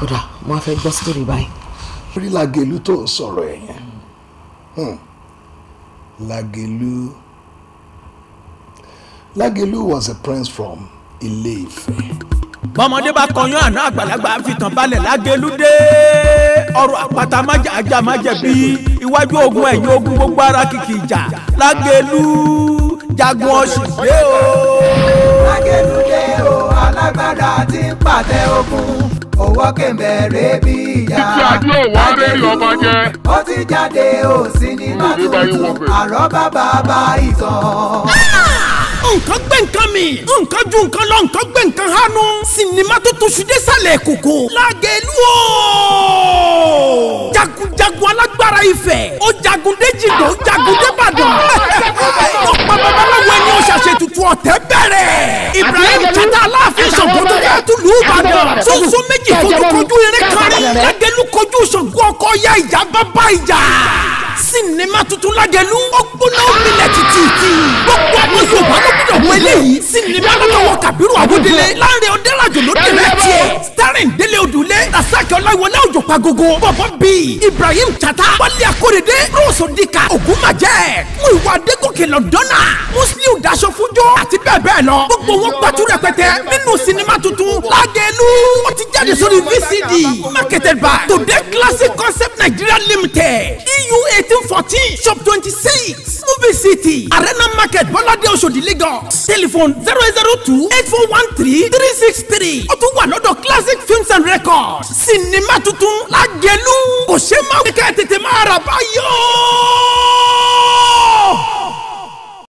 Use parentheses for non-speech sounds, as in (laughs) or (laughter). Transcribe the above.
kódà mo fẹ́ gbọ́ sítórì báyìí. orí làgẹ̀lú tó ń sọ̀rọ̀ ẹ̀ yẹn hmm. làgẹ̀lú was a prince from Ilé-Ifẹ̀. bọ́mọdé bá kọyán àná àgbàlagbà fìtàn balẹ̀ làgẹ̀lú ọrọ̀ àpáta májà ajá májẹ̀ bí iwájú ogun ẹ̀yìn ogun gbogbo ara kìkì ìjà làgẹ̀lú jagun ọ̀sìn dé o. làgẹ̀lú o alágbádá ti ń pàtẹ ogun wọ́kẹ̀mbẹ̀rẹ̀ bí ìyá. títí ajé òwò abẹ́rẹ́ ọba jẹ. ó ti jáde ó sí ní mọ́tò àrọ́bá bàbá ìtàn. nǹkan gbé nǹkan mi nǹkan ju nǹkan lọ nǹkan gbé nǹkan hánu sinimá tó tó sùdé sálẹ̀ kòkó lágẹ̀lú o. jagunjagun alágbára Ifẹ̀ ó jagun déjìdó jagun débàdàn. (laughs) ọ̀pọ̀ babaláwo ẹni ó ṣàṣetutù ọ̀tẹ̀ kata aláàfin Ṣàngó tó fẹ́ tu lù ú Ìbàdàn sunsun méjì kojúkojú eré kárí Lágẹ̀lú kojú Ṣàngó ọkọ ya ìjà bàbá ìjà sinima tuntun Lágẹ̀lú ó gbóná òmìnira títì gbogbo àwọn Yorùbá ló gbọ́dọ̀ mọ eléyìí sinima lọ́wọ́ Kàbírù Àwọ̀délé láàrin Ọ̀dẹ́làjò ló dé lẹ́tìẹ̀ starring Délé Odùlé Rasaki Ọláyíwọlé Òjòpagogo bọ̀bọ̀ bíi Ibrahim Chata Wálé Akórèdé Rose Odika Ògúnmàjẹ́ Mùwà Adégòkè Lọ́dọ́nà Muslim ijó àti bẹ́ẹ̀ bẹ́ẹ̀ lọ. gbogbo wọn gbàtú rẹpẹtẹ nínú sinimá tuntun lágẹ̀lú. ó ti jáde sórí VCD marketed by Today Classic Concept Nigeria Limited EU eighteen fourteen shop twenty six movie city arena market bọ́ládé Oṣòdì Lagos telephone zero zero two eight four one three three six three ó tún wà lọ́dọ̀ Classic Films and Records sinimá tuntun lágẹ̀lú kò ṣe má